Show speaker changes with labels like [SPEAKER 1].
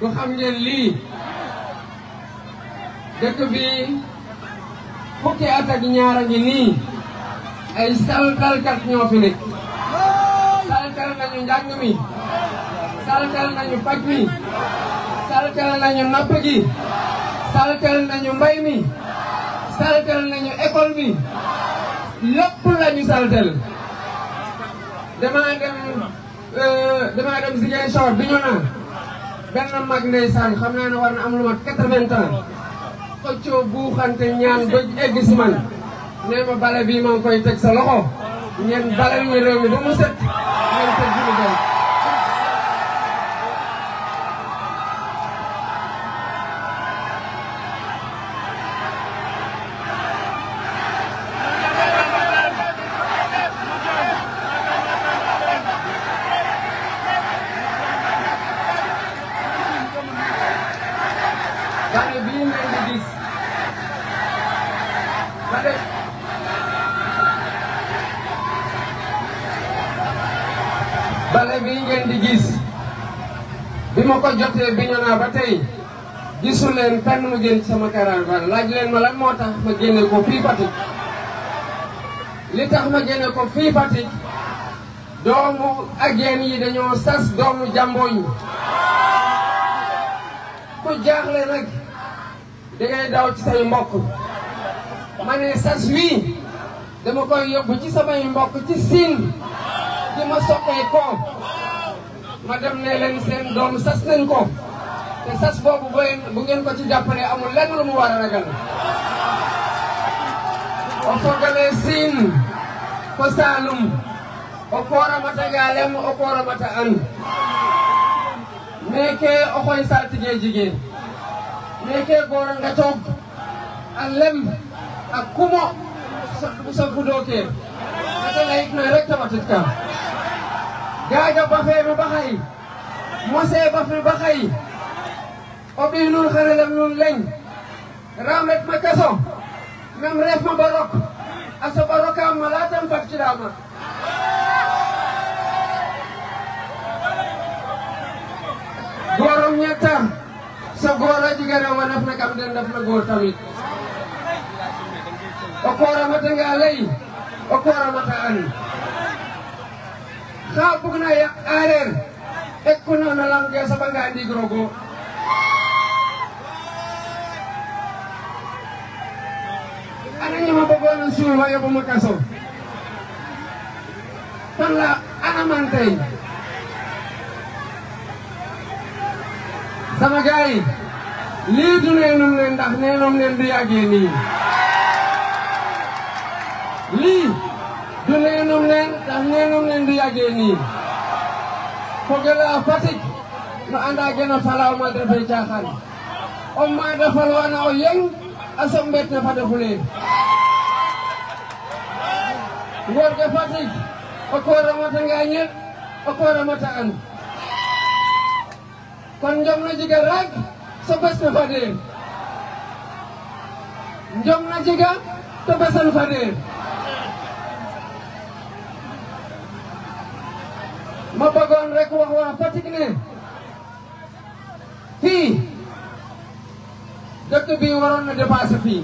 [SPEAKER 1] du xam ngeen lii dëkk bi fukki at ak ñaar a ngi nii ay saltalkat ñoo fi nekk saltal nañu njàng mi saltal nañu paj mi saltal nañu napp gi saltal nañu mbay mi saltal nañu école bi lépp lañu saltal damaa dem euh, damaa bi ñu naan benn mag ndeysaan xam na ne war na am lu mat quatre-vingts ans xëccoo buuxante ñaan ba egg si man nee ma bale bii maa ngi koy teg sa loxo ñeen bale wi réew mi ba set ngeen teg bale bi ngeen di gis bi ma ko jotee bi naa ba tey gisuleen leen fenn mu génn sama caravane laaj leen ma lan moo tax ma génne ko fii Fatick li tax ma génne ko fii doomu ageen yi dañoo sas doomu jàmbooñ ku jaaxle nag da ngay daw ci say mbokk ma ne sas wii dama koy yóbbu ci samay mbokk ci siin di ma soqee ko ma dem ne leen seen doom sas nañ ko te sas boobu bu ngeen ko ci jàppale amul lenn lu mu war a ragal o fogole siin ko saalum o kooramata gaalem o kooramata an meke o xoy saltige jigéen meke goor nga toog a lem ak kumo sakudokee ate layitnoye rek ta ɓatit kam gaga bafemi baxay mose bafi baxay o ɓiy nuun xerelem nuun leŋ ram ma kaso meme ref ma ba rok a ma latam facturama gorom ñetta so goor a jega rew a na kam den ndef na goor tamit o kooramatanga ley o kooramata an xa bugna yaq aareer ekkuna no lang ke a saɓanga ndiig roogo ana ñama bogoona suufa yoɓoma kaso tan la ana man tey sama gaay du neenum ne ndax neenum ne mbiyaage nii lii du neenum leen ndax neenum leen du yàggee nii foge la Fatick no anda geno falaw ma defay caaxaan on ma defal wana o yeng asom mbet ne fa defulee ngor ge Fatick o kooramata ngañet o kooramata an kon njom na jiga rek so bes fa dee njom na jiga to besan fa dee ma bëggoon rek wax waa Fatick ne fii dëkk bi waroon na dépassé fii.